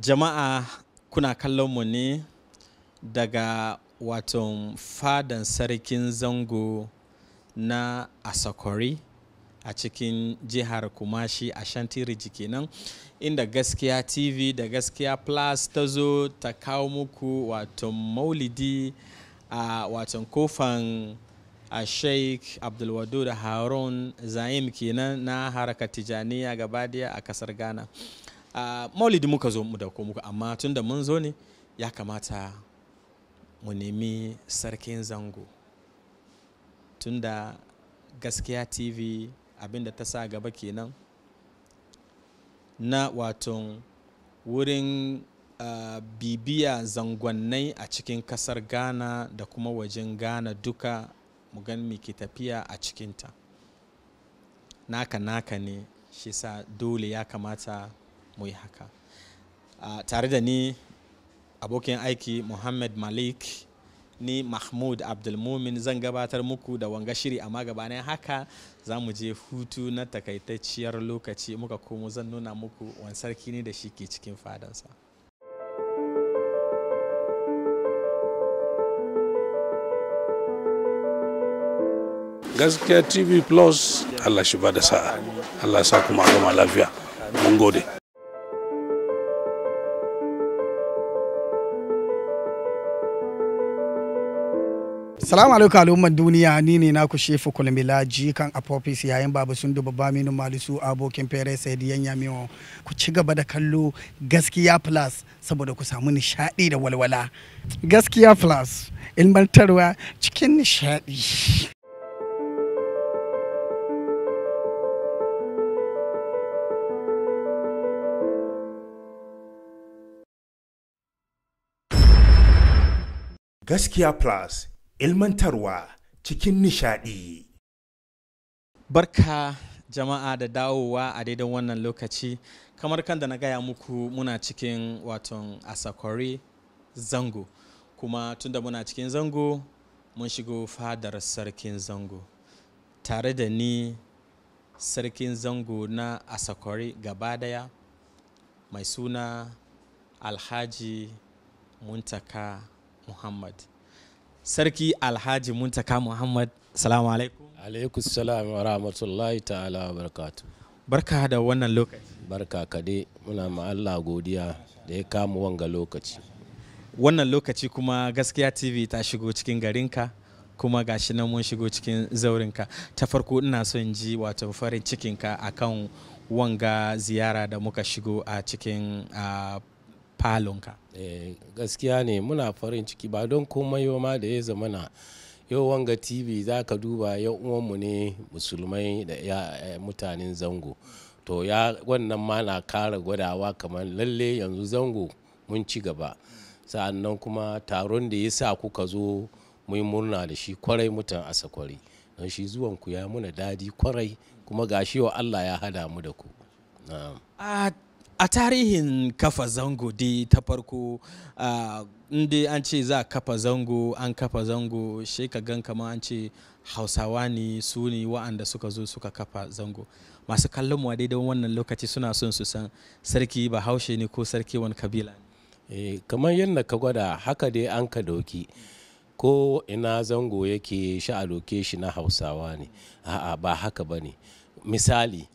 jama'a kuna kallon mu ne daga waton fadan sarkin zango na asakori a cikin jihar kumashi a shantiriji kenan inda gaskiya tv da gaskiya plus ta zo ta kawo muku waton maulidi a waton kofan a sheik abdulwado da harun zaim kenan na haraka tijaniya gabadiya a kasar ghana maulidi muka zo mu da muka amma tun da mun zo ne ya kamata mu nemi sarkin zango tun da gaskiya tv abinda ta sa gaba kenan na waton wurin uh, bibiya zangonnai a cikin kasar ghana da kuma wajen ghana duka mu gan ke tafiya a cikinta naka naka ne shi sa dole ya kamata mu yi haka tare da ni abokin aiki muhammad malik ni mahmud abdulmumin zan gabatar muku da wanga shiri amma gabanin haka za mu je hutu na takaitacciyar lokaci muka komo zan nuna muku wani sarki ne da shi ke cikin fadansa gaskiya tv plus allah shi ba da sa'a allah sa kuma a lafiya mun gode salamu alaikum al'umman duniya ni ne naku shefu kulmila jikan apopis yayin babu sun duba baminu malisu abokin fere sai diyan ku ci gaba da kallo gaskiya plus saboda ku samu nishadi da walwala gaskiya plus ilmantarwa cikin nishadi Gaskiya Plus ilmantarwa cikin nishaɗi. Barka jama'a da dawowa a daidan wannan lokaci kamar kan da na gaya muku muna cikin waton asakori zango kuma tunda muna cikin zango mun shigo fadar sarkin zango tare da ni sarkin zango na asakori gaba daya mai suna alhaji muntaka muhammad sarki alhaji muntaka muhammad salamu alaikum alaikum salam wa rahmatullahi ta'ala wa barakatu barka da wannan lokaci barka kade muna ma Allah godiya da ya kama wanga lokaci wannan lokaci kuma gaskiya tv ta shigo cikin garinka kuma gashi nan mun shigo cikin zaurinka ta farko ina son ji wato farin cikinka akan wanga ziyara da muka shigo a cikin falonka eh, gaskiya ne muna farin ciki ba don komai ma da ya zama na yau wanga tv za ka duba yan uwanmu ne musulmai da ya eh, mutanen zango to ya wannan ma na kara gwadawa kamar lalle yanzu zango mun ci gaba sa'annan kuma taron da ya sa kuka zo muyi murna da shi kwarai mutan asakwari don shi zuwan ku ya muna dadi kwarai kuma ga shi wa Allah ya hada mu da ku a tarihin kafa zango dai ta farko inda an ce za a kafa zango an kafa zango shi ka gan kama an ce hausawa ne su ne wa'anda suka zo suka kafa zango masu kallon mu dai don wannan lokaci suna son su san sarki ba haushe ne ko sarki wani kabila ne eh, kamar yadda ka gwada haka dai an ka doki ko ina zango yake shi a doke shi na hausawa ne a'a ba haka ba ne misali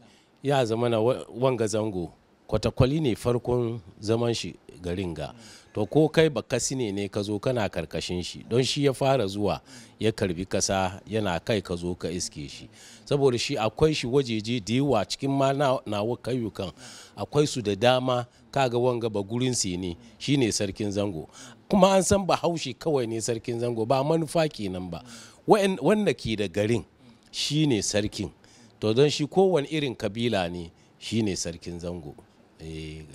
ya zama na wanga zango kwatakwali ne farkon zaman shi garin ga to ko kai ba sine ne ka zo kana karkashin shi don shi ya fara zuwa ya karbi kasa yana kai ka zo ka iske shi saboda shi akwai shi wajeje da yawa cikin ma nawa kayukan akwai su da dama kaga wanga ba gurin su ne ne sarkin zango kuma an san ba bahaushe kawai ne sarkin zango ba manufa kenan ba wanda ke da garin shi ne sarkin to don shi kowane irin kabila ne shi ne sarkin zango Eh,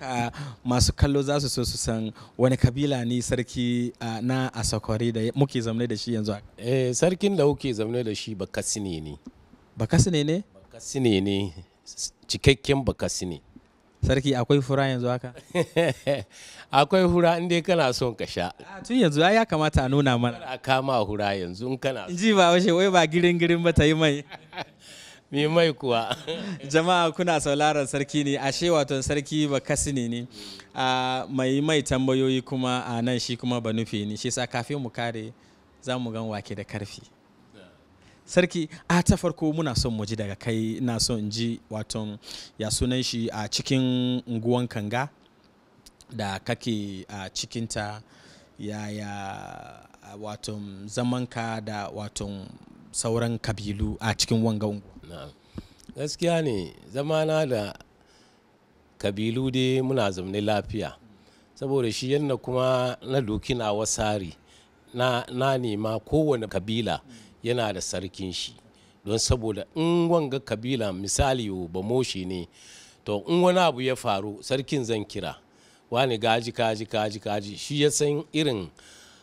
haka masu kallo za su so su san wani kabila ne sarki na asakwari da muke zamne da shi yanzu eh, sarkin da muke zamne da shi bakasine ne bakasine ne bakasi ne cikakken bakasine sarki akwai fura yanzu haka akwai hura inda kana son ka sha tun yanzu ya kamata a nuna mana kama hura yanzu in kana ji ba washe wai ba girin girin ba ta yi mai mi mai kuwa jama'a kuna sauraron sarki ne ashe wato sarki ba kasini ne a mai mai tambayoyi kuma a nan shi kuma ba nufi ne shi sa kafin mu kare za mu gan wake da karfi sarki a ta farko muna son mu ji daga kai na son ji wato ya sunan shi a cikin unguwan kanga da kake a cikinta ya yaya wato zamanka da wato sauran kabilu a cikin wanga unguwa Gaskiya ne zama zamana da kabilu dai muna zaune lafiya. Saboda shi yanda kuma na doki tsari na, na nema kowane kabila yana da sarkin shi. Don saboda in wanga kabila misali ba moshi ne, to in wani abu ya faru sarkin zan kira. wani gaji kaji, kaji, kaji. Shi ya san irin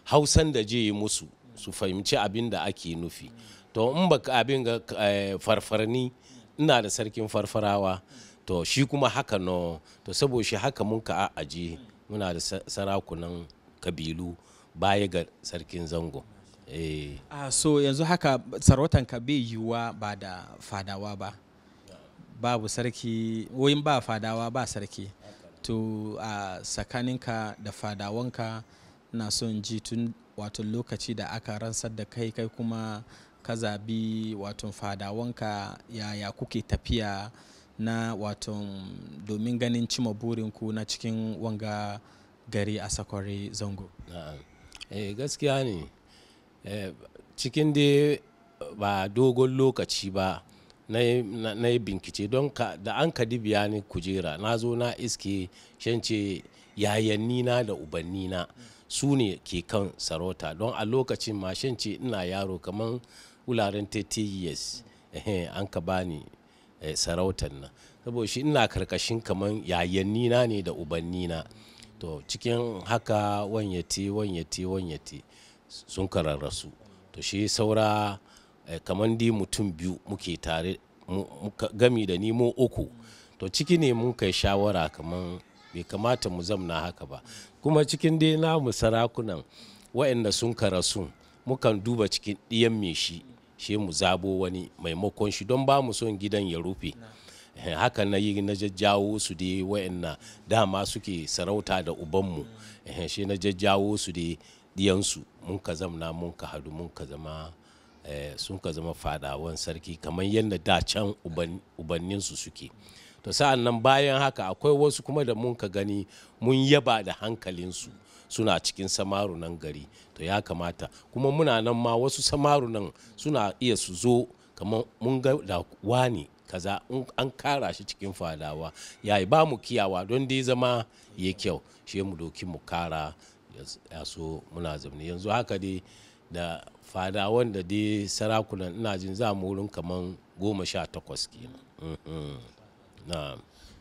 hausan da je musu su fahimci abin da ake nufi. to in baka abin ga eh, farfarni ina da sarkin farfarawa to shi kuma haka no to saboda shi haka mun ka aji muna da sarakunan kabilu baya ga sarkin zango eh ah, so yanzu haka sarautan ka bai yiwuwa ba da fadawa ba babu sarki wayin ba fadawa ba sarki to a tsakaninka da fadawanka na son ji tun wato lokaci da aka ransar da kai kai kuma ka zabi wato fadawanka yaya kuke tafiya na wato domin ganin cima burinku na cikin wanga gari a sakwari zango eh gaskiya ne eh, cikin da ba dogon lokaci ba na yi binkice don da an ka dibiya ni kujera na zo na iske shance yayannina da ubannina su ne ke kan sarauta don a lokacin ma shance ina yaro kamar wuraren 30 an ka bani eh, sarautar nan saboda shi ina karkashin kamar yayanni na ne da ubanni na to cikin haka wanyati wanyati wanyati sun kararrasu to shi saura eh, kamar di mutum biyu muke tare gami da ni uku to ciki ne mun kai shawara kamar bai kamata mu zamna haka ba kuma cikin dai namu sarakunan waɗanda sun karasu mukan duba cikin ɗiyan mai shi shi mu zabo wani maimakon shi don ba mu son gidan ya rufe eh, haka na yi na jajjawo su dai wa'anna dama suke sarauta da ubanmu eh, shi na jajjawo su dai diyansu mun ka zamna mun ka hadu mun ka zama eh, sun ka zama fadawan sarki kamar yadda da can ubanninsu suke to sa'an nan bayan haka akwai wasu kuma da mun ka gani mun yaba da hankalinsu suna cikin samaru nan gari to ya kamata kuma muna nan ma wasu samaru nan suna iya su zo kamar mun ga da wani kaza an kara shi cikin fadawa yayi ba mu kiyawa don dai zama ya kyau shi mu doki mu kara ya so muna zamani yanzu haka dai da fadawan da dai sarakunan ina jin za mu wurin kamar goma sha takwas kenan na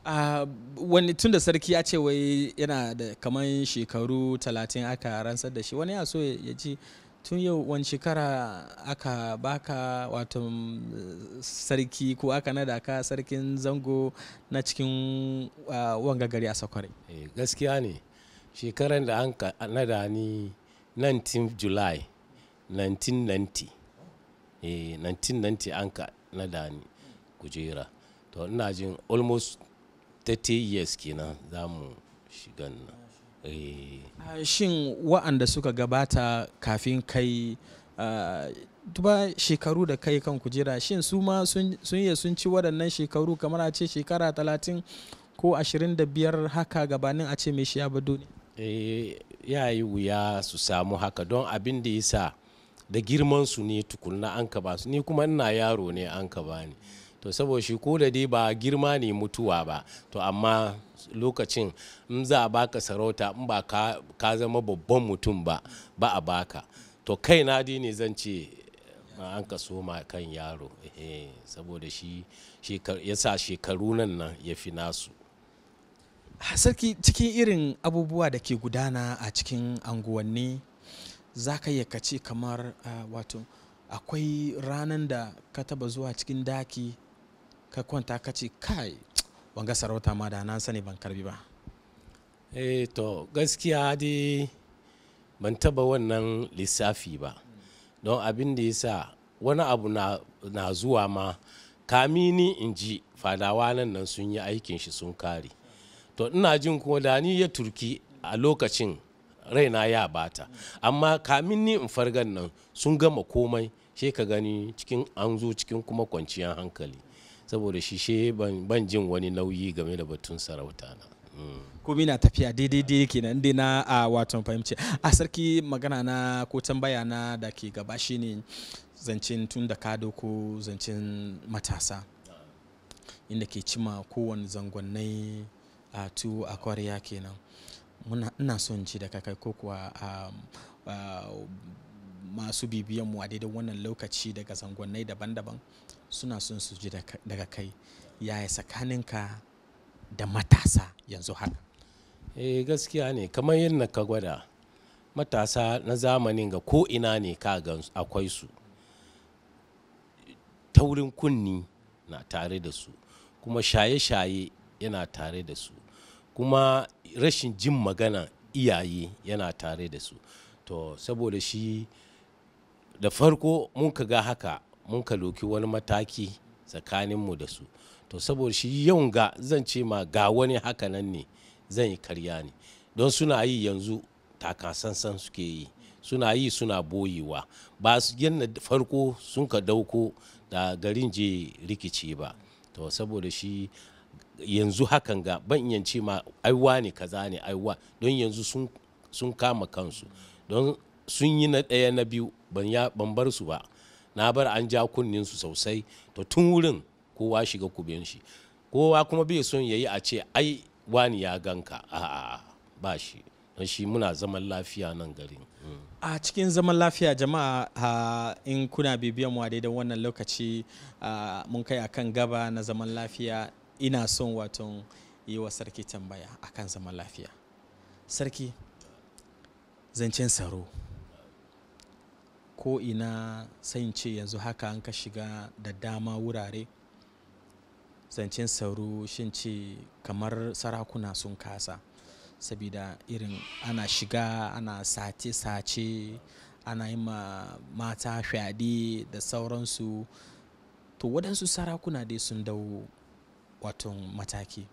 Ah, wani tun da sarki ya ce wai yana da kamar shekaru talatin aka ransar da shi wani ya so ya ji tun yau wani shekara aka baka wato mm, sarki ko aka nada ka sarkin zango na cikin ah, wanga gari a sakware eh, gaskiya ne shekaran da an nada ni 19 july 1990 eh 1990 an nada ni kujera to ina jin almost 30 years kenan za mu shiga nan eh. ah, shin wa'anda suka gabata kafin kai tuba ah, shekaru da kai kan kujera shin su ma sun yi sun ci waɗannan shekaru kamar a ce shekara 30 ko 25 haka gabanin a ce mai shi abadu ne ya yi wuya su samu haka don abin da ya sa da girmansu ne tukunna an ka ba su ni kuma ina yaro ne an ka ba ni to saboda shi ko da dai ba girma ne mutuwa ba to amma lokacin in za a baka sarauta in ba ka zama babban mutum ba ba a baka to kai na dai ne zan ce an ka soma kan yaro eh, saboda shi ya sa shekaru nan nan ya fi nasu sarki cikin irin abubuwa da ke gudana a cikin anguwanni za ka yi kace kamar ah, wato akwai ranar da ka taba zuwa cikin daki ka kwanta ka ce kai wanga sarauta ma da na sani ban karbi ba eh to gaskiya dai ban taba wannan lissafi ba don abin da yasa wani abu na, zuwa ma ni in ji fadawa nan nan sun yi aikin shi sun kare to ina jin kuma da ni ya turki a lokacin raina ya bata amma kamin ni in fargan nan sun gama komai sai ka gani cikin an zo cikin kuma kwanciyar hankali saboda shi she ban jin wani nauyi game da batun sarauta na mm. komi na tafiya daidai daidai kenan dai na a wato fahimci a sarki magana na ko tambaya na da ke gaba ne zancen tun da kado ko zancen matasa inda ke cima kowane zangonai a tu a kwariya kenan muna ina son ci da kai ko kuwa masu bibiyan mu a daidai wannan lokaci daga zangonai daban-daban suna son su ji daga kai yaya tsakaninka da matasa yanzu haka eh gaskiya ne kamar yadda ka gwada matasa na zamanin ga ko'ina ne ka akwai su taurin kunni na tare da su kuma shaye-shaye yana tare da su kuma rashin jin magana iyaye yana tare da su to saboda shi da farko mun ka ga haka mun ka doki wani mataki tsakaninmu da su to saboda shi yau ga zan ce ma ga wani haka nan ne zan yi karya ne don suna yi yanzu takasansan suke yi suna yi suna boyewa ba su yanna farko sun ka dauko da garin je rikici ba to saboda shi yanzu hakan ga ban iya ce ma aiwa ne kaza ne aiwa don yanzu sun kama kansu don sun yi na ɗaya na biyu ban bar su ba na bar an ja kunnin su sosai to tun wurin kowa shiga kuben shi kowa kuma bai son yayi a ce ai wani ya ganka a'a ba shi don shi muna zaman lafiya nan garin a cikin zaman lafiya jama'a in kuna bibiyan mu daidai wannan lokaci mun kai akan gaba na zaman lafiya ina son waton yi wa sarki tambaya akan zaman lafiya sarki zancen tsaro ko ina sai ce yanzu haka an ka shiga da dama wurare zancen sauro shin ce kamar sarakuna sun kasa sabida irin ana shiga ana sace-sace ana yi ma mata fyaɗe da sauransu to waɗansu sarakuna dai sun dau waton mataki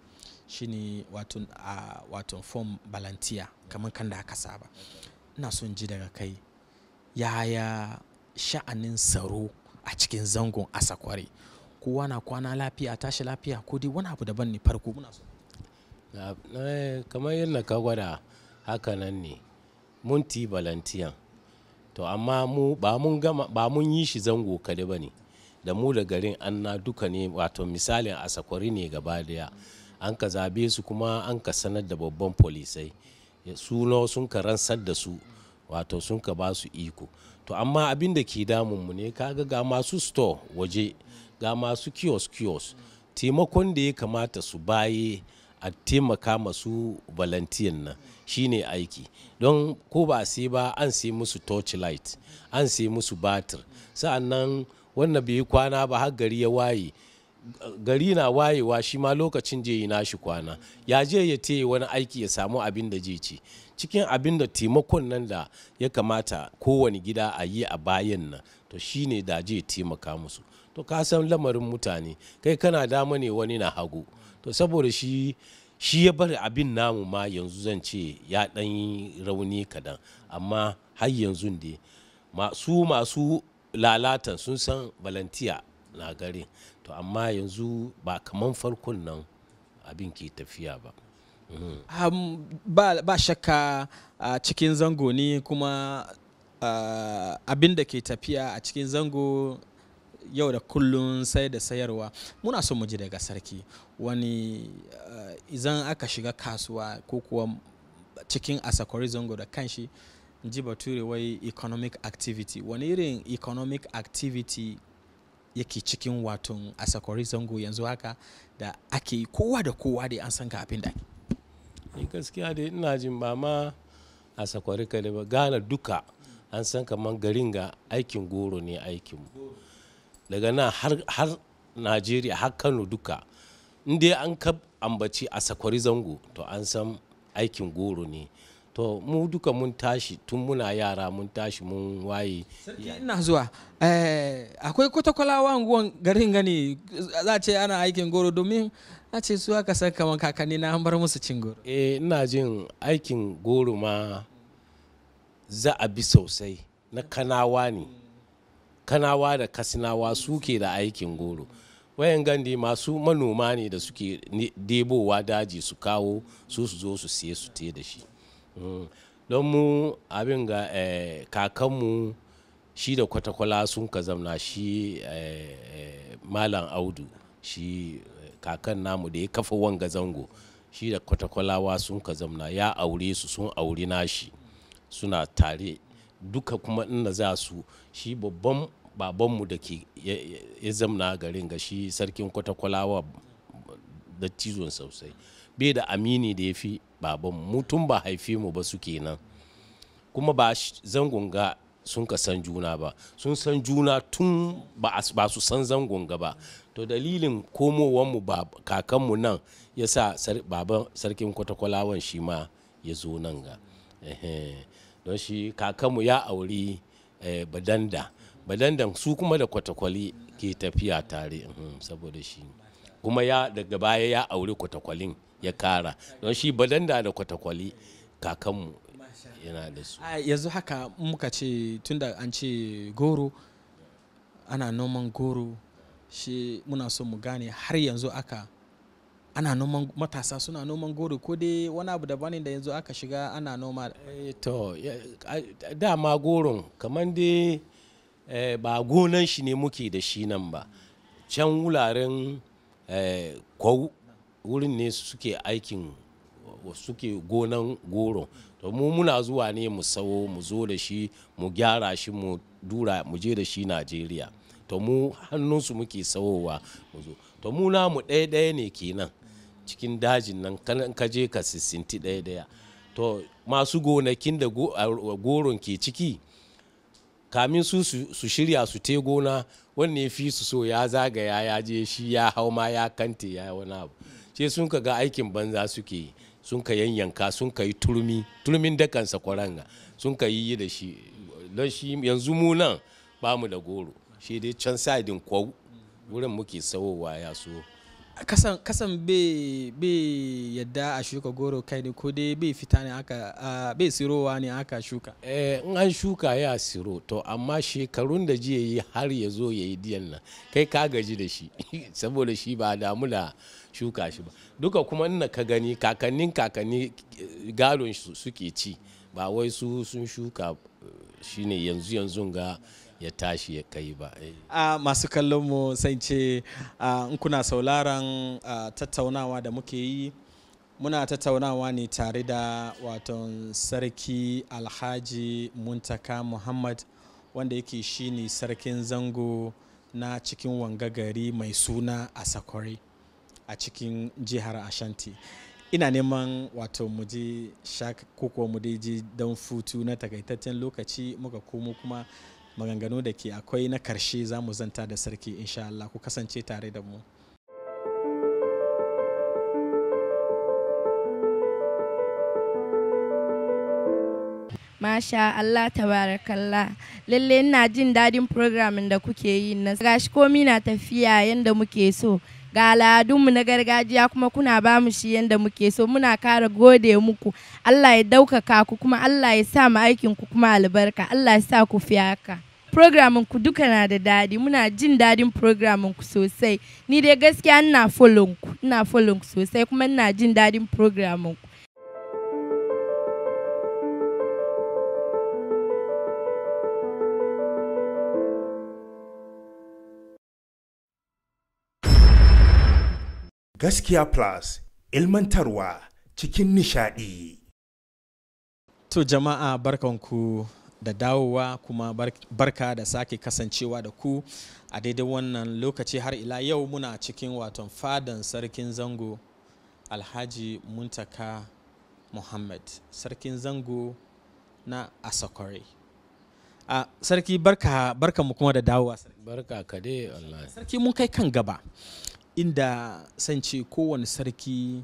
shine waton a waton fom balantiya kamar kan da aka saba ina son ji daga kai yaya sha'anin tsaro a cikin zangon asakware kowa na kwana lafiya tashi lafiya ko dai wani abu daban ne farko muna so kamar yadda ka gwada haka nan ne mun ti balantiyan to amma mu ba mun yi shi zango kade ba ne da mu da garin an na duka ne wato misalin asakwari ne gaba daya an ka zabe su kuma an ka sanar da babban polisai suno sun ka ransar da su wato sun ka ba su iko to amma abin da ke damun mu ne kaga ga masu store waje ga masu kiosk kiosk taimakon da ya kamata su baye a taimaka masu valantiyan nan shine aiki don ko ba sai ba an sai musu torchlight an sai musu batir sa'annan wannan bai kwana ba har gari ya waye gari na wayewa shi ma lokacin je yi nashi kwana ya je ya taya wani aiki ya samu abin da je ci cikin abin da taimakon nan da ya kamata kowane gida a yi a bayan nan to shine da je taimaka musu to ka san lamarin mutane kai kana dama ne wani na hagu to saboda shi shi ya bari abin namu ma yanzu zan ce ya ɗan yi rauni kadan amma har yanzu dai masu masu lalatan sun san balantiya na garin to amma yanzu ba kaman farkon nan abin ke tafiya ba ba shakka a cikin zango ne kuma abin da ke tafiya a cikin zango yau da kullun sai da sayarwa muna so mu ji daga sarki wani izan aka shiga kasuwa ko kuwa cikin asakwari zango da kanshi ji bature wai economic activity wani irin economic activity yake cikin watan asakwari zango yanzu haka da ake kowa da kowa da an san ga abin da ake in gaskiya dai ina jin ba ma a sakwari ka ba gane duka an san kamar garin ga aikin goro ne aikinmu daga nan har najeriya har kano duka inda an ka ambaci a sakwari zango to an san aikin goro ne to mu duka mun tashi tun muna yara mun tashi mun waye ina zuwa eh, akwai kwatakwalawa unguwan garin gani za ce ana aikin goro domin na ce su aka san kamar kakanni na an bar musu cin goro eh ina jin aikin goro ma za a bi sosai na kanawa ne kanawa da kasinawa suke da aikin goro wayan gandi masu manoma ne da suke debowa daji su kawo su su zo su siye su te da shi mm. don mu abin ga eh, kakanmu shi da kwatakwala sun ka zamna shi eh, eh, malam audu shi kakan namu da ya kafa wanga zango shi da kwatakwalawa sun ka zamna ya aure su sun auri nashi suna tare duka kuma inda za su shi babban babanmu da ke ya zamna garin ga shi sarkin kwatakwalawa da cizon sosai bai da amini da ya fi baban mutum ba haife mu ba su kenan kuma ba zangon ga sun ka san juna ba sun san juna tun ba su san zangon ga ba to dalilin komowanmu kakanmu nan ya sa baban sarkin kwatakwalawan shi ma ya zo nan ga don shi kakanmu ya auri eh, badanda badandan su kuma da kwatakwali ke tafiya tare uhm, saboda shi kuma ya daga baya ya auri kwatakwalin ya kara don shi badanda da kwatakwali kakanmu yana da su yanzu haka muka ce tunda an ce goro ana noman goro shi muna so mu gane har yanzu aka ana noman matasa suna noman goro ko dai wani abu daban da yanzu aka shiga ana noma eh, to dama goron kamar dai eh, ba gonan shi ne muke da shi nan ba can wuraren eh, kwau wurin ne suke aikin suke gonan goron to mu muna zuwa ne mu sawo mu zo da shi mu gyara shi mu dura mu je da shi najeriya to mu hannunsu muke sawowa mu zo to mu namu ɗaya ɗaya ne kenan cikin dajin nan kan ka je ka sissinti ɗaya ɗaya to masu gonakin da goron ke ciki kamin su su shirya su te gona wanne fi su so ya zagaya ya je shi ya hau ma ya kante ya wani abu ce sun ka ga aikin banza suke yi sun ka yanyanka sun ka yi turmi turmin dakan kwaranga sun ka yi da shi don shi yanzu mu nan ba mu da goro shi dai can sa'idin kwau wurin muke sawowa ya so kasan kasan bai yadda a shuka goro kai ne ko dai bai fita ne aka bai sirowa ne aka shuka eh, in an shuka ya siro to amma shekarun da jiya yi har ya zo ya yi diyan nan kai ka gaji da shi saboda shi ba damu da shuka shi ba duka kuma ina ka gani kakannin kakanni eh, galon suke ci ba wai su sun shuka eh, shine yanzu yanzu ga ya tashi ya kai ba. Eh. A masu kallon mu sai ce in kuna sauraron tattaunawa da muke yi muna tattaunawa ne tare da waton sarki alhaji muntaka muhammad wanda yake shine sarkin zango na cikin wanga gari mai suna a sakwari a cikin jihar ashanti ina neman wato muje je ko kuwa mu don futu na takaitaccen lokaci muka komo kuma maganganu da ke akwai na karshe za mu zanta da sarki insha Allah ku kasance tare da mu Masha Allah tabarakallah lallai ina jin dadin programin da kuke yi na gashi komi na tafiya yadda muke so ga al'adunmu na gargajiya kuma kuna ba mu shi yadda muke so muna kara gode muku Allah ya daukaka ku kuma Allah ya sa mu aikin ku kuma albarka Allah ya sa ku fi programin ku duka na da daɗi muna jin daɗin programin ku sosai ni dai gaskiya ina follow ku sosai kuma ina jin daɗin programin ku Gaskiya Plus ilmantarwa cikin nishaɗi. To jama'a barkanku da dawowa kuma barka da sake kasancewa da ku a daidai wannan lokaci har ila yau muna cikin waton fadan sarkin zango alhaji muntaka muhammad sarkin zango na asakware a sarki barka mu kuma da dawowa sarki barka ka dai sarki mun kai kan gaba inda sance kowane sarki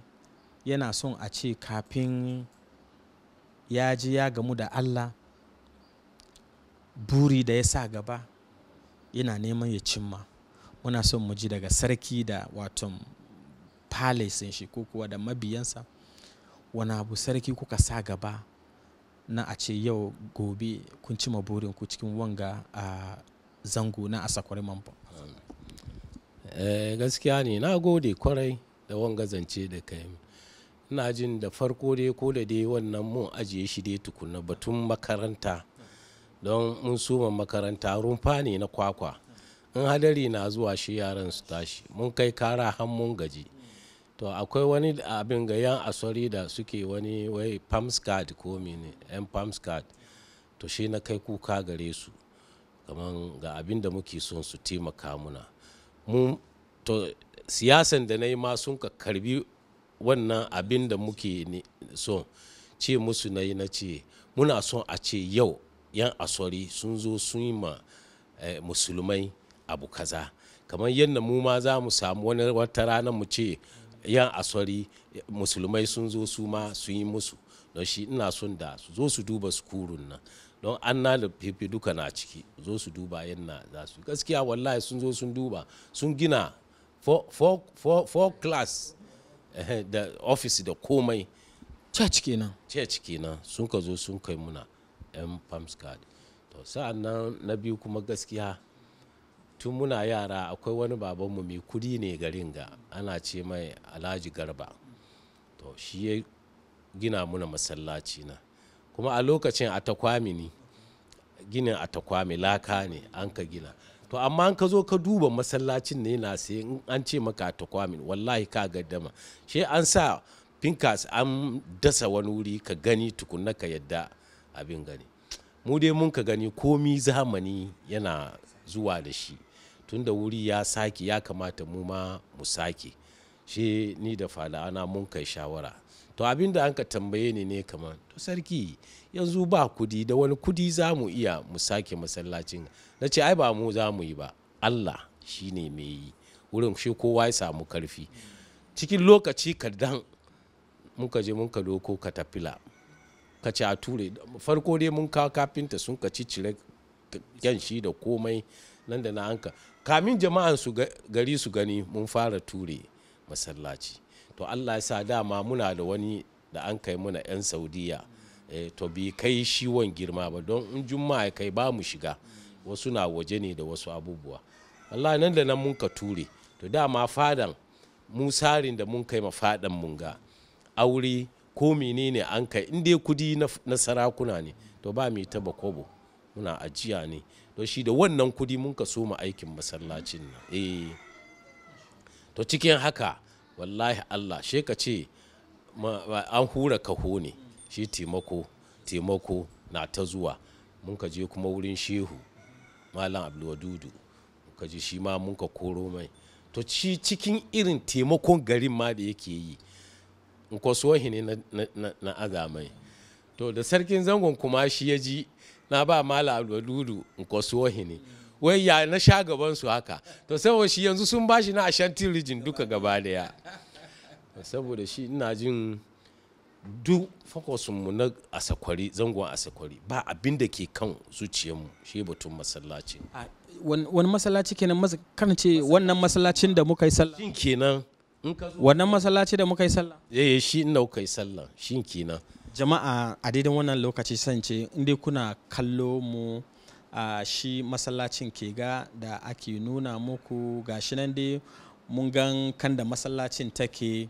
yana son a ce kafin ya ji ya gamu da Allah buri da ya sa gaba yana neman ya cimma muna son mu ji daga sarki da waton palace shi ko kuwa da mabiyansa wani abu sarki kuka sa gaba na a ce yau gobe kun cima burin ku cikin wanga a ah, zango na asakwari mambo. Eh, gaskiya ne na gode kwarai da wanga gazance da kai ina jin da farko dai ko da dai wannan mun ajiye shi dai tukuna batun makaranta don mun suma makaranta rumfa ne na kwakwa in hadari na zuwa shi yaran su tashi mun kai kara har mun gaji to akwai wani abin ga yan asori da suke wani wai palms card ko mene yan palms card to shi na kai kuka gare su kamar ga abin da muke son su taimaka muna mu to siyasan da na yi ma sun ka karbi wannan abin da muke so ce musu na yi na ce muna son a ce yau yan asori sun zo sun yi ma eh, musulmai abu kaza kamar yadda mu ma za mu samu wani wata rana mu ce yan asori musulmai sun zo su ma sun yi musu don shi ina son da su zo su duba sukurun nan don an na da fifi duka na ciki zo su duba yadda za su gaskiya wallahi sun zo sun duba sun gina four class da office da komai church kenan church kenan sun ka zo sun kai muna yan palms card to sa'an na biyu kuma gaskiya tun muna yara akwai wani babanmu mai kudi ne garin ga ana ce mai alhaji garba to shi ya gina muna masallaci na kuma a lokacin a takwami ne ginin a takwami laka ne an ka gina to amma ka zo ka duba masallacin ne na sai in an ce maka takwamin wallahi ka gaddama shi an sa pinkas an dasa wani wuri ka gani tukunna ka yadda abin gani mu dai mun ka gani komi zamani yana zuwa da shi tunda wuri ya sake ya kamata mu ma mu sake shi ni da fala ana mun kai shawara to abin da an ka tambaye ni ne kamar to sarki yanzu ba kudi da wani kudi za mu iya mu sake masallacin na ce ai ba mu za mu yi ba allah shi ne mai yi wurin shi kowa ya samu karfi cikin lokaci dan muka je muka doko katafila ka ci a ture farko dai mun kawo kafinta sun ka cire ganshi da komai nan da na anka kamin jama'an su gari su gani mun fara ture masallaci to allah ya sa dama muna da wani da an kai muna 'yan saudiya eh, to bi kai shiwon girma ba don in ya kai ba mu shiga wasu na waje ne da wasu abubuwa allah nan da nan mun ka ture to dama fadan musarin da mun kai mafadan mun ga aure ko menene an kai in dai kudi na sarakuna ne to ba mai taba kobo muna ajiya ne to shi da wannan kudi mun ka so mu aikin masallacin nan eh to cikin haka wallahi Allah shi ka ce an hura kaho ne shi taimako taimako na ta zuwa mun ka je kuma wurin shehu malam abdulwadudu ka ji shi ma mun ka koro mai to ci cikin irin taimakon garin ma da yake yi in kwasuwahi ne na azamai to da sarkin zangon kuma shi ya ji na ba malam abdulwadudu in kwasuwahi ne wai ya na sha gaban su haka to saboda shi yanzu sun bashi na ashanti region duka gaba daya saboda shi ina jin duk mu na asakwari zangon asakwari ba abin da ke kan zuciyarmu shi batun masallaci wani masallaci kenan kan ce wannan masallacin da muka yi sallah shin kenan wannan masallaci da muka yi sallah eh, eh shi ina muka yi sallah shin kenan jama'a a daidai wannan lokaci sance inda kuna kallo mu a shi masallacin ke ga da ake nuna muku gashi nan dai mun gan kan da masallacin take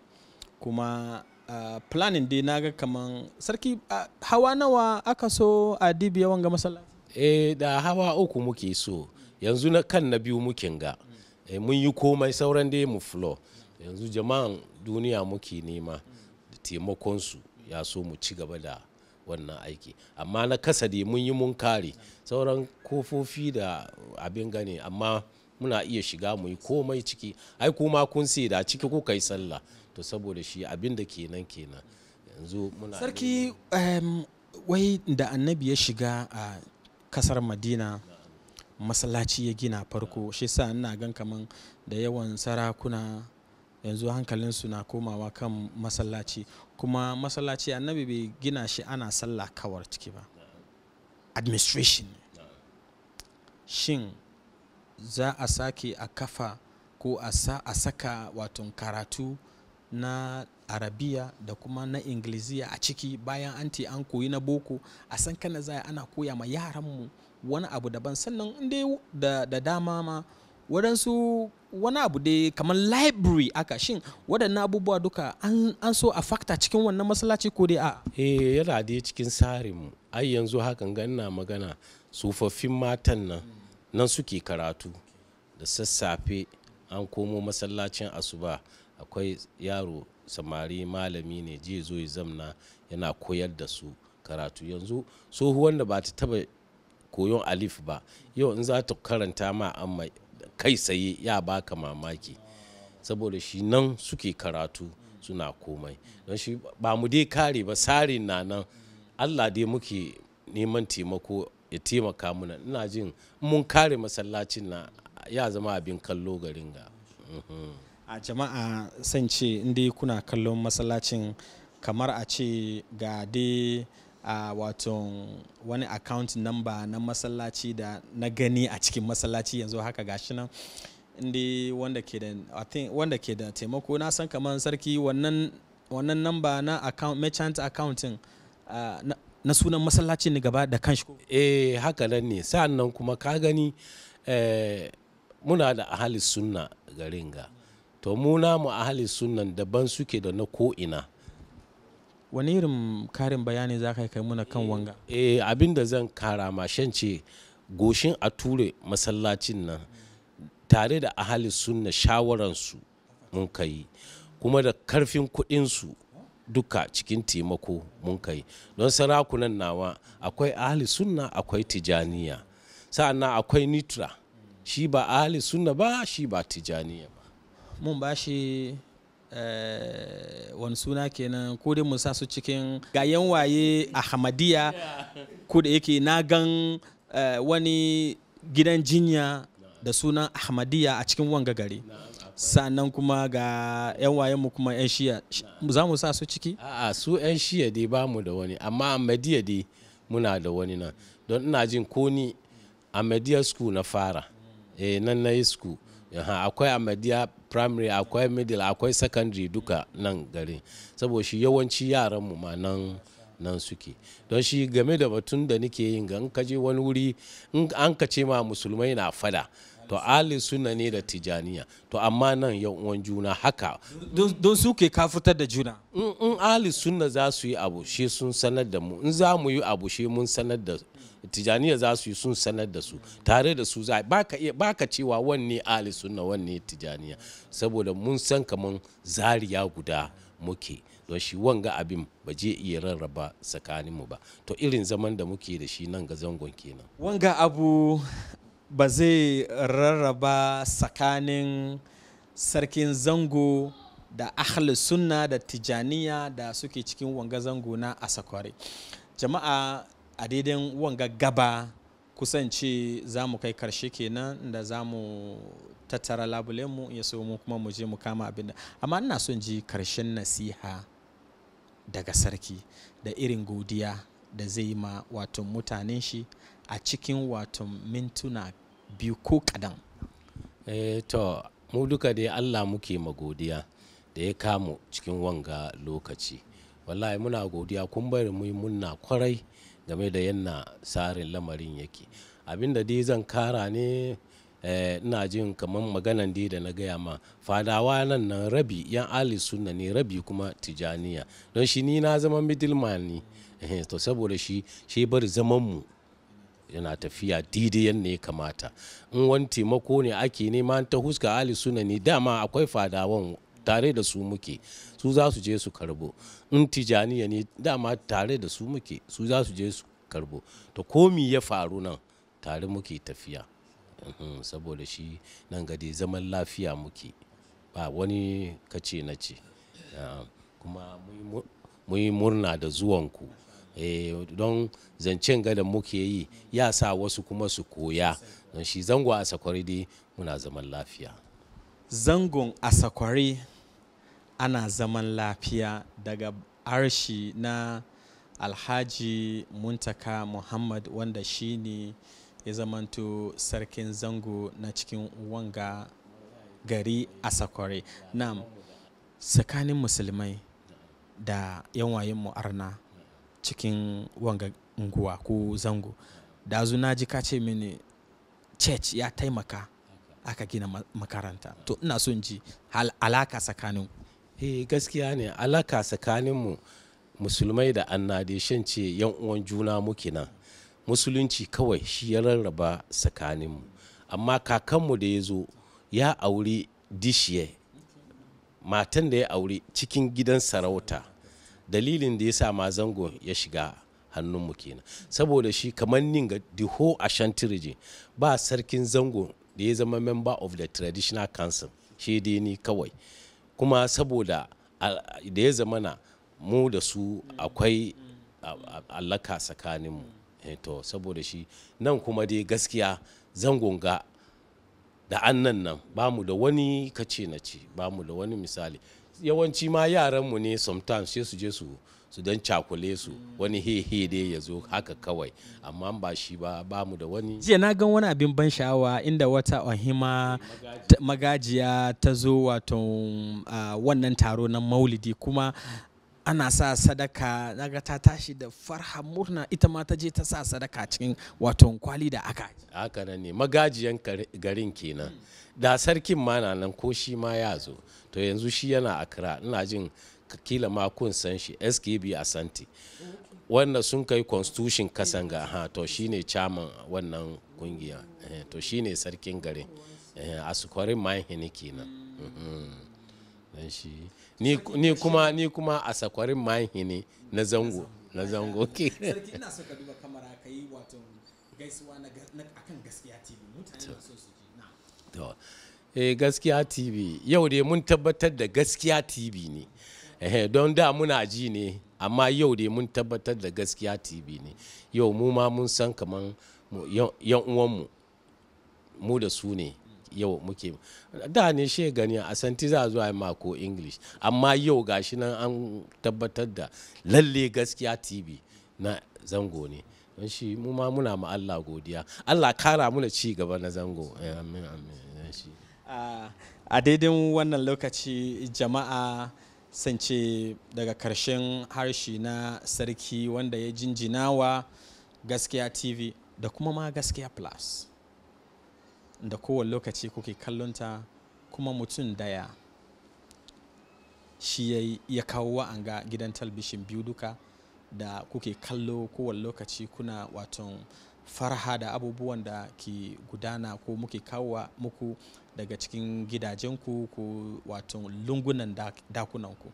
kuma planin planning dai na ga kaman sarki hawa nawa aka so a dibiya wanga masallaci eh da hawa uku muke so yanzu na kan na biyu muke ga eh, mun yi komai sauran dai mu flo yanzu jama'an duniya muke nema taimakon su ya so mu ci gaba da wannan aiki amma na kasade mun yi mun kare sauran kofofi da abin gane amma muna iya shiga mu yi komai ciki ai kuma kun sai da ciki kuka yi sallah to saboda shi abin da kenan kenan yanzu muna sarki wai da annabi ya shiga a kasar madina masallaci ya gina farko shi sa ina gan kaman da yawan sarakuna yanzu hankalinsu na komawa kan masallaci kuma masallaci annabi bai gina shi ana sallah kawar ciki ba administration shin za a sake a kafa ko a saka wato karatu na arabiya da kuma na ingiliziya a ciki bayan an te an koyi na boko a san kana za ana koya ma yaran mu wani abu daban sannan inda da dama ma waɗansu wani abu dai kamar library aka shin waɗannan abubuwa duka an so a fakta cikin wannan masallaci ko dai a eh yana dai cikin tsarinmu ai yanzu hakan ganna magana tsofaffin matan nan nan suke karatu da sassafe an komo masallacin asuba akwai yaro samari malami ne je zo ya zamna yana koyar da su karatu yanzu tsohuwan da ba ta taba koyon alif ba yau in za ta karanta ma amma. kai tsaye ya baka mamaki saboda shi nan suke karatu suna komai don shi ba mu dai kare ba tsarin na nan allah dai muke neman taimako ya taimaka muna ina jin mun kare masallacin na ya zama abin kallo garin ga mhm. a jama'a san ce inda kuna kallon masallacin kamar a ce ga dai a wato wani account number na masallaci da na gani a cikin masallaci yanzu haka gashi nan inda wanda ke da wanda ke da taimako na san kamar sarki wannan wannan na account merchant accounting na, sunan masallaci ne gaba da kanshi eh haka nan ne sa'annan kuma ka gani eh, muna da ahalis sunna garin ga to mu namu ahalis sunnan daban suke da na ko'ina wani irin karin bayani za ka kai muna kan eh, wanga eh abin da zan kara ma ce goshin a ture masallacin nan tare da ahalin sunna shawararsu mun kai kuma da karfin kuɗinsu duka cikin taimako mun kai don sarakunan nawa akwai ahalin sunna akwai tijaniya sa'annan akwai nitra shi ba ahalin sunna ba shi ba tijaniya ba mun ba shi Eh, wani suna kenan ko dai sa su cikin gayan waye ahmadiyya ko da yake na gan eh, wani gidan jinya da sunan ahmadiyya a cikin wanga gari sannan kuma ga 'yan wayen mu kuma 'yan shiya za mu sa su ciki a'a su 'yan shiya dai ba mu da wani amma ahmadiyya dai muna da wani nan don ina jin ko ni ahmadiyya school na fara eh, nan na yi school akwai ahmadiyya primary akwai middle akwai secondary duka nan gari saboda shi yawanci yaranmu ma nan nan suke don shi game da batun da nake yin ga in kaje wani wuri in an ka ce ma musulmai na fada to ali suna ne da tijaniya to amma nan yan uwan juna haka don su ke ka fitar da juna in ali suna za su yi abu shi sun sanar da mu in za mu yi abu shi mun sanar da tijaniya za su yi sun sanar da su tare da su za ka iya baka cewa wanne ahli sunna wanne tijaniya saboda mun san kamar zariya guda muke don shi wanga abin ba je iya rarraba tsakaninmu ba to irin zaman da muke da shi nan ga zangon kenan wanga abu ba zai rarraba tsakanin sarkin zango da ahli sunna da tijaniya da suke cikin wanga zango na asakware jama'a a daidai wanga gaba kusance za mu kai karshe kenan da za mu tattara mu ya so mu kuma mu je mu kama abin da amma ina son ji karshen nasiha daga sarki da irin godiya da zai ma wato mutanen shi a cikin wato mintuna biyu ko kadan eh to mu duka dai allah muke ma godiya da ya kamu cikin wanga lokaci wallahi muna godiya kun bari mu munna kwarai game da yanna tsarin lamarin yake abinda dai zan kara ne eh, ina jin kamar maganan dai da na gaya ma fadawa nan nan rabi yan ali sunna ne rabi kuma tijaniya don shi ni na zama middleman ne eh, to saboda shi shi bar zaman mu yana tafiya daidai yadda ya kamata in wani taimako ne ake nema ta huska ali suna ne dama akwai fadawan tare da su muke su za su je su karbo in tijaniya ne dama tare da su muke su za su je su karbo to komi ya faru nan tare muke tafiya uhm, saboda shi nan gade zaman lafiya muke ba wani kace na ce kuma mun murna da zuwanku eh, don zancen gada muke yi ya sa wasu kuma su koya don shi zango a sakwari dai muna zaman lafiya zangon a sakwari ana zaman lafiya daga arshi na alhaji muntaka muhammad wanda shi ne ya zamanto sarkin zango na cikin wanga gari a sakware na tsakanin musulmai da yan mu'arna cikin wanga unguwa ko zango da na ji ka ce mini church ya taimaka aka gina makaranta to ina son ji alaka tsakanin eh gaskiya ne alaka tsakanin mu musulmai da shan ce yan uwan juna muke nan musulunci kawai shi ya rarraba tsakanin mu amma kakanmu da ya zo ya auri dishiye matan da ya auri cikin gidan sarauta dalilin da ya sa ma zango ya shiga hannunmu kenan saboda shi kamar ninga diho a shantirije ba sarkin zango da ya zama member of the traditional council shi dai ni kawai kuma saboda da ya zamana mu da su akwai allaka tsakaninmu eh to saboda shi nan kuma dai gaskiya zan ga da annan nan ba mu da wani kace na ce ba mu da wani misali yawanci ma yaranmu ne sometimes sai su je su su don cakule su wani hehe dai ya zo haka kawai amma ba shi ba ba mu da wani jiya na gan wani abin ban sha'awa inda wata ohima magajiya ta zo wato wannan taro na maulidi kuma ana sa sadaka naga ta tashi da farha murna ita ma ta je ta sa sadaka cikin wato kwali da aka haka nan ne magajiyan garin kenan da sarkin ma na nan ko shi ma ya zo to yanzu shi yana akira ina jin kila ma kun san shi skb asanti wannan sun kai constitution kasan ga ha to shine chairman wannan kungiya eh, to shine sarkin gare eh, a sukarin mayan hini kenan mm-hmm. dan shi ni ni kuma ni kuma a mai mayan hini na zango na zango ke sarki ina so ka duba kamera kai wato gaisuwa na akan gaskiya tv mutane so su ji na to eh gaskiya tv yau dai mun tabbatar da gaskiya tv ne don da muna ji ne amma yau dai mun tabbatar da gaskiya tv ne yau mu ma mun san kaman yan uwanmu mu da su ne yau muke da ne she gani a santi za zuwa mako english amma yau gashi nan an tabbatar da lalle gaskiya tv na zango ne don shi mu ma muna ma Allah godiya Allah kara muna ci gaba na zango eh, amin amin a daidai wannan lokaci jama'a sance daga karshen harshe na sarki wanda ya jinjinawa gaskiya tv da kuma ma gaskiya plus da kowane lokaci kuke kallonta kuma mutum daya shi ya kawo ga gidan talbishin biyu duka da kuke kallo kowane lokaci kuna waton farha da abubuwan da ke gudana ko muke kawo muku daga cikin gidajenku ko wato lungunan dakunanku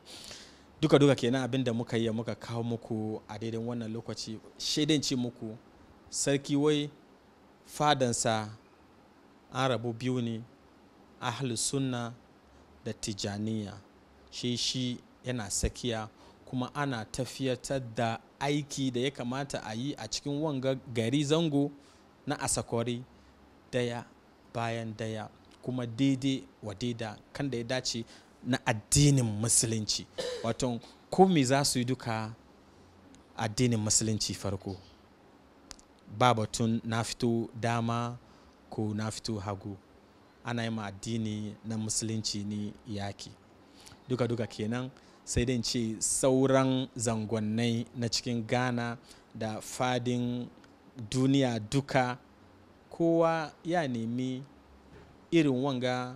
duka duka kenan abin da muka yi muka kawo muku a daidai wannan lokaci shaidan ce muku sarki wai fadansa an rabu biyu ne ahlus sunna da tijaniya shi shi yana sakiya kuma ana tafiyatar da aiki da ya kamata a yi a cikin wanga gari zango na asakori daya bayan daya kuma daidai wa daida kan da ya dace na addinin musulunci wato ko me za su yi duka addinin musulunci farko ba batun na fito dama ko na fito hagu ana yi ma addini na musulunci ne yaki duka-duka kenan sai dai ce sauran zangonnai na cikin ghana da fadin duniya duka kowa ya nemi irin wanga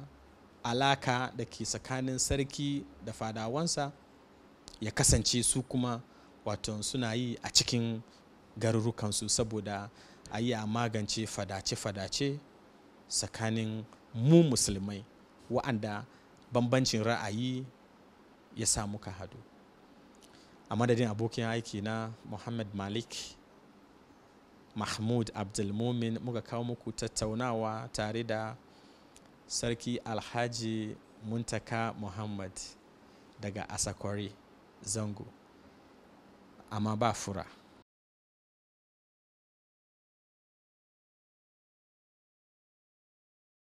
alaka da ke tsakanin sarki da fadawansa ya kasance su kuma wato suna yi a cikin garurukansu saboda a yi a magance fadace-fadace tsakanin mu musulmai wa'anda bambancin ra'ayi ya sa muka hadu a madadin abokin aiki na muhammad malik mahmud abdulmumin muka kawo muku tattaunawa tare da sarki alhaji muntaka muhammad daga asakwari zango amma ba fura